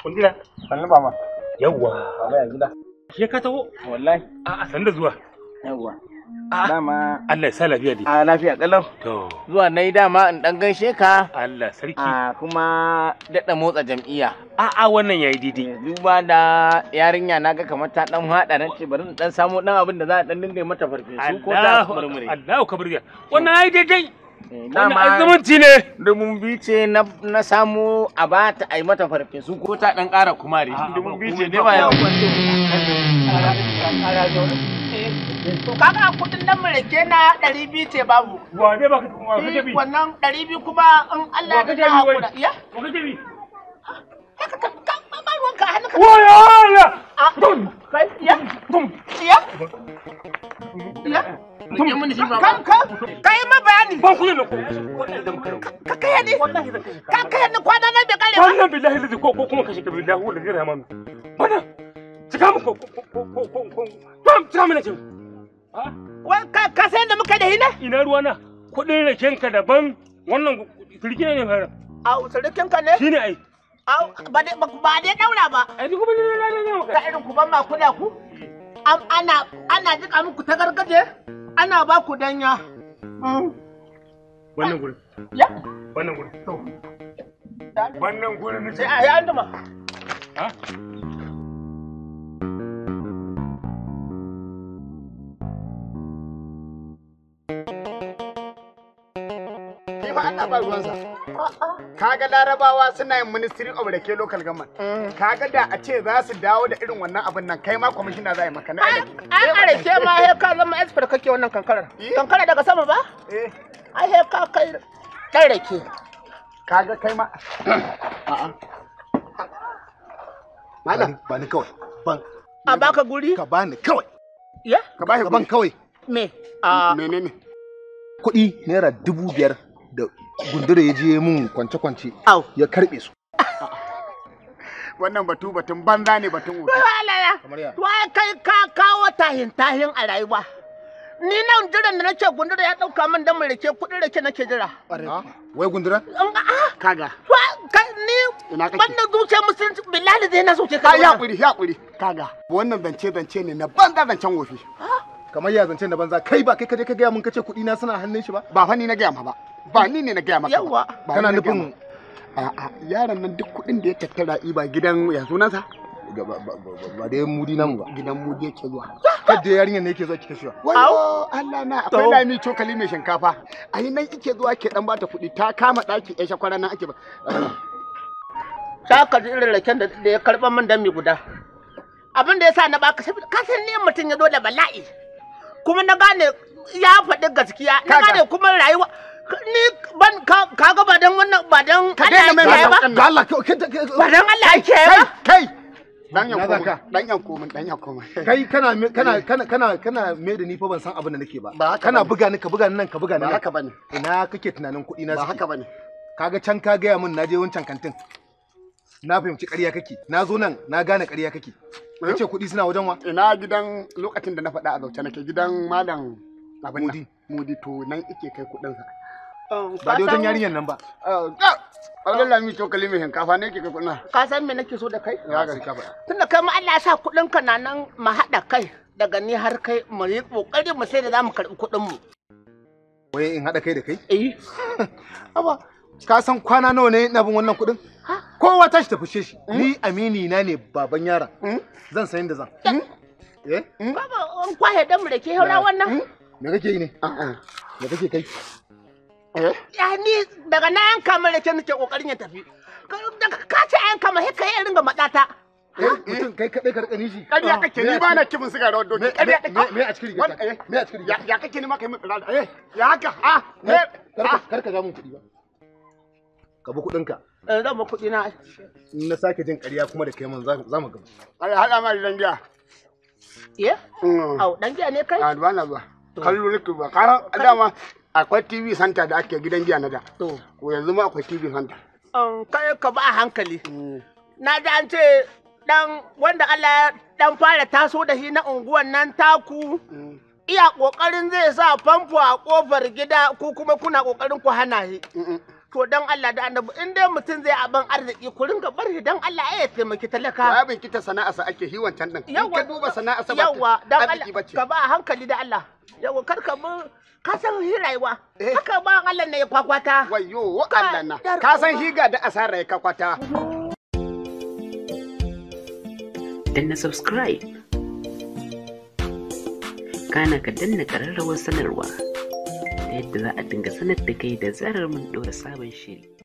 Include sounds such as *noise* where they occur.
Kundila. Sannu ba ma. Yawwa. Ba ya gida. Shi ka taho? Wallahi. A'a sanda zuwa. Yawwa. Dama. Allah ya sa lafiya dai. A lafiya kalau. To. Zuwa na yi dama in dan ganshe ka. Allah sarki. A kuma daɗa motsa jam'iyya. A'a wannan yayi daidai. Duba da yarinya na ga kamar ta dan haɗa nan ce bari in dan samu dan abin da za a dan dinga mata farfesu ko ta murmure. Allah ka ya. Wannan yayi daidai. Dama azumunci ne. Dumun bice na na samu a ba ta ai mata farfesu ko ta dan ƙara kumare. Dumun bice ne ba ya yawa. to kaga kudin nan mu rake na 200 ce babu wa ne baka kuma ka jabi eh, wannan 200 kuma in Allah ya da hakura ya ka jabi ka ka ka ba ruwan ka hannu ka wa ya ya dum kai ya dum ya ya dum kan kan kai ma bayani ban kuyi ne ko ka kai ne ka kai ne kwana na bai kare wannan billahi lazi ko kuma kashe ka billahi wallahi rahman bana cika mu ko ko ko ko ko ko ko Wai ka san da muka da hina? Ina ruwa na. Kuɗin rakenka daban wannan ne fara. A rakenka ne? Shine ai. ba dai daura ba. Ai kuma ne ne Ka irin ku ban ma ku. Ana ana jika muku ta gargaje. Ana ba ku danya. Mm. Wannan gurin. Ya? Wannan gurin. To. Wannan gurin ne. Sai Ha? fa Allah ba ruwansa. Kaga Larabawa suna yin Ministry of the Local Government. Mm. Kaga da a ce za su dawo da irin wannan abin nan kai ma commissioner za a yi maka na aiki. An a rake ma he ka zama expert kake wannan kankarar. Eh. Kankara daga sama ba? Eh. Ai he ka kai dan rake. Kaga kai ma *coughs* Malam ba ni kawai. Ban. A baka guri? Ka bani kawai. Ya? Ka bani kawai. Me? Ah. Menene? Kuɗi naira dubu biyar da gundura ya je mun kwance-kwance ya karbe su wannan batu batun banza ne batun wuta wa kai ka kawo tahin tahin a rayuwa ni nan jiran da nake gundura ya dauka min dan mai rake kudin rake nake jira ah? wai gundura ah! kaga ni wannan zuciya musulunci bilali zai na so ka ya hakuri hakuri kaga wannan zance zance ne na banza zancen wofi ah! kamar ya zance na banza kai ba kai kaje ka gaya mun kace kudi na suna hannun shi ba ba fa ni na gaya ma ba ba ni ne na gaya maka yawa kana nufin a'a yaron nan duk kuɗin da ya tattara iba gidan ya sunansa ba da yan mudi nan ba gidan mudi yake zuwa kaje yarinyar ne yake zuwa kike shiwa wayo Allah na akwai lami cokali mai shinkafa a nan kike zuwa ke dan bata kuɗi ta kama daki ɗan shakwara nan ake ba ta ka ji irin raken da ya karɓar man mi guda abin da ya sa na baka ka san ne mutum ya zo da bala'i kuma na gane ya faɗi gaskiya na gane kuma rayuwa ni ban ka ga ba dan wannan ba dan ka daina mai mai ba ga Allah ba dan Allah ake ba kai dan yanko dan yanko mun dan yanko mun *laughs* kai kana kana kana kana kana me da ni fa ban san abin da nake ba kana buga ni ka buga ni nan ka buga ni ba haka bane ina kake tunanin kuɗi na ba haka bane kaga can ka gaya min naje wancan kantin na fahimci ƙarya kake na zo nan na gane ƙarya kake kace eh? kuɗi suna wajen wa ina gidan lokacin da na faɗa a zauce nake gidan malam abin nan mudi to nan ike kai kuɗin sa um, ba dai wajen yarinyar nan ba uh, Allah ah! lami cokali mai hinkafa ne ke kai kuɗin ka san me nake so da kai ya ga ka ba tunda kai ma Allah ya sa kuɗin ka na nan mu haɗa kai daga ni har kai mu yi kokari mu sai da zamu karɓi kuɗin mu wai in hada kai da kai eh *laughs* aba ka san kwana nawa ne na bin wannan kuɗin kowa tashi ta fushe shi hmm? ni amini na ne baban yara hmm? zan sayin da zan hmm? eh baba an kwaye dan mu da ke haura wannan Me kake yi ne? A'a. Me kake kai? Eh? Ya ni daga na yanka min rake nake kokarin ya tafi. Daga ka ce a yanka ma kai ya ringa madata. Eh, mutum kai kaɗai ka rika nishi. Ah, ya kake ni ma kai min eh. ya haka ah, Kar ka ga ah. mun kuɗi ba. Ka zan ba kuɗi na. na sake jin kuma da kai za mu Ai haɗa ma da dangiya. Eh? Mm. Au ne kai? kallo nake ba ka dama akwai tv santa da ake gidan giya na da to yanzu ma akwai tv center um, kai ka ba hankali mm. na ji an ce dan wanda Allah dan fara taso da shi na unguwan nan taku mm. iya kokarin zai sa famfo a kofar gida ko kuma kuna kokarin ku hana shi to dan Allah da annabi in dai mutum zai aban arziki ku ringa bar shi dan Allah ya taimaki talaka ya kita sana'a sa ake hi wancan din in ka duba sana'a sa ba yawa dan ka ba hankali da Allah yawa karka mu ka san shi rayuwa eh. haka ba Allah ne ya kwakwata wayo Allah na ka san higa da asara ya kwakwata na subscribe kana ka danna kararrawar sanarwa ta yadda za a dinga sanar da kai da zarar mun ɗora sabon shiri